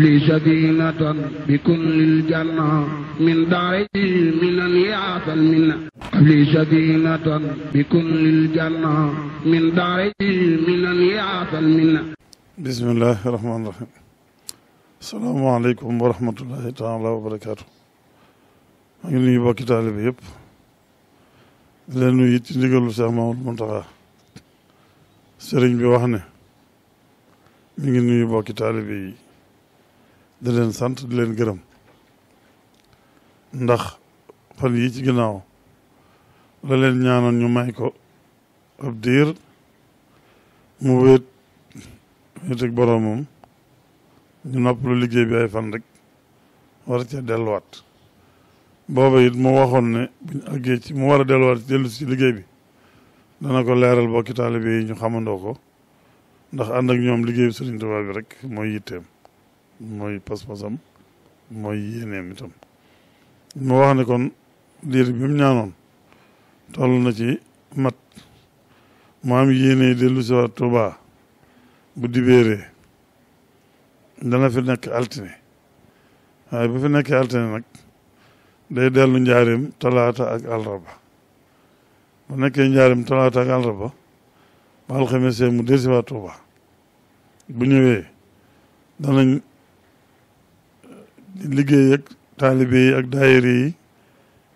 li safinatan bi kullil janna min daari minan yaasal minna li safinatan bi kullil janna min daari minan yaasal minna bismillahi rahmaani rahim asalaamaaleykum wa rahmatullahi taala wa barakaatu maa ngi nuyu bokki taalibe yëpp di leen nuyu it ci ndigalu Seex Mamadou Muntaxa sëriñ bi wax ne mi ngi nuyu bokki taalibe yi di leen sant di leen gërëm ndax fan yi ci ginnaaw la leen ñaanoon ñu may ko ab diir mu wéet wéet ak boroomam ñu noppalu liggéey bi ay fan rek war cee delluwaat booba it mu waxoon ne buñ àggee ci mu war a delluwaat ci dellu si liggéey bi dana ko leeral bokki taalibe yi ñu xamandoo ko ndax ànd ak ñoom liggéeyu bi Sëriñ bi rek mooy yitteem mooy pas-pasam mooy yéeneem itam mu wax ne kon diir bi mu ñaanoon toll na ci mat mu am yéene dellu si waat Tuubaa bu dibéeree dana fi nekk altine waaye bu fi nekkee altine nag day dellu njaarim talaata ak alraba bu nekkee njaarim talaata ak alraba ba alxames mu dellu si waat Tuubaa bu ñëwee danañ liggéey ak taalibe ak daayira yi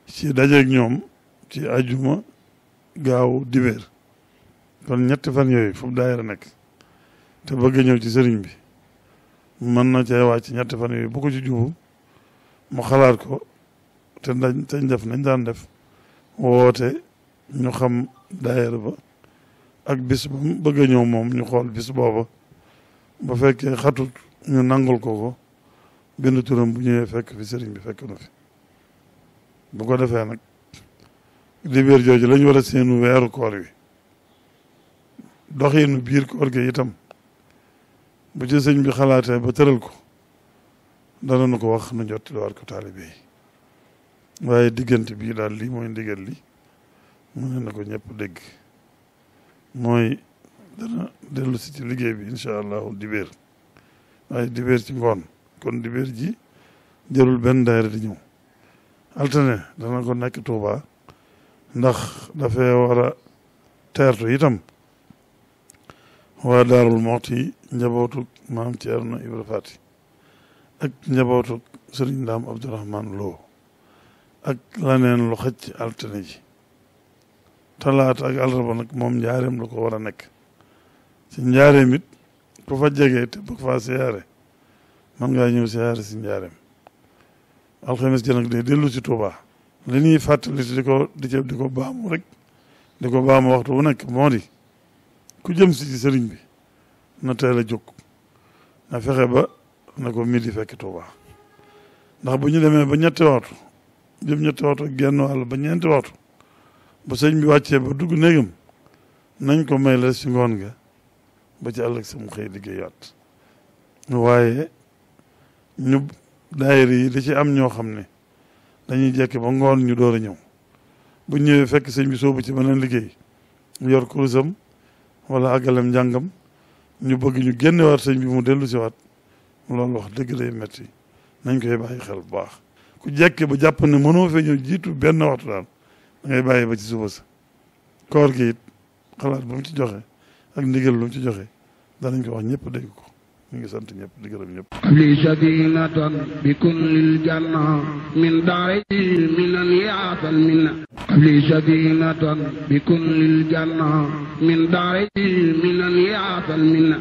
ci dajeeg ñoom ci ajuma gaaw dibéer kon ñetti fan yooyu fu daayira nekk te bëgg ñëw ci sëriñ bi mën na cee ci ñetti fan yooyu bu ci jubu mu xalaat ko te dañ teñ def nañ daan def woote ñu xam daayira ba ak bis ba mu bëgg ñëw moom ñu xool bis booba ba fekkee xatut ñu nangul ko ko bind turam bu ñëwee fekk fi sëriñ bi fekk na fi bu ko defee nag dibéer jooju lañ war a seenu weeru koor wi doxinu biir koor gi itam bu ci sëñ bi xalaatee ba tëral ko dana nu ko wax nu jotti lu war ko taalibe waaye diggante bii daal lii mooy ndigal li mu ne ko ñëpp dégg mooy dana dellu si ci liggéey bi incha allahu dibéer waaye dibéer ci ngoon kon dibéer ji jërul benn daayira di ñëw altine dana ko nekk Touba ndax dafee war a teertu itam waa daarul moxti njabootuk maam Ceerno Ibra Faati ak njabootuk sëriñ Ndaam Abdourahman Lo ak laneen lu xëcc ji talaata ak àllarba moom njaareem la ko war nekk ci njaareem it fa jege te bëgg faa siyaare man ngaa ñëw siyaare si njaareem alxames ji nag day dellu si Tuuba li ñuy fàttali di ko di ca di ko baamu rek di ko baamu waxtu wu nekk moo di ku jëm si ci sëriñ bi na teel a jóg na fexe ba na ko midi fekk Tuuba ndax bu ñu demee ba ñetti waxtu jëm ñetti waxtu genn wàll ba ñeenti waxtu ba sëñ bi wàccee ba dugg néegam nañ ko may la si ngoon nga ba ci àll ak sama xëy liggéeyaat waaye ñu daayira yi da ci am ñoo xam ne dañuy jekk ba ngoon ñu door a ñëw bu ñëwee fekk sëñ bi soobu ci beneen liggéey yor kurusam wala àggalem njàngam ñu bëgg ñu génnewaat sëñ bi mu dellu si waat loolu wax dëgg day metti nañ koy bàyyi xel bu baax ku jekke ba jàpp ne mënoo fee ñëw jiitu benn waxtu daal da bàyyi ba ci suba sa koor gi it xalaat bu mu ci joxe ak ndigal lu mu ci joxe danañ ko wax ñëpp dégg ko ñu ngi sant ñëpp di gërëm ñëpp li sadinatan bi kun lil janna min daari minan yaatal minna li sadinatan bi kun lil janna min daari minan yaatal minna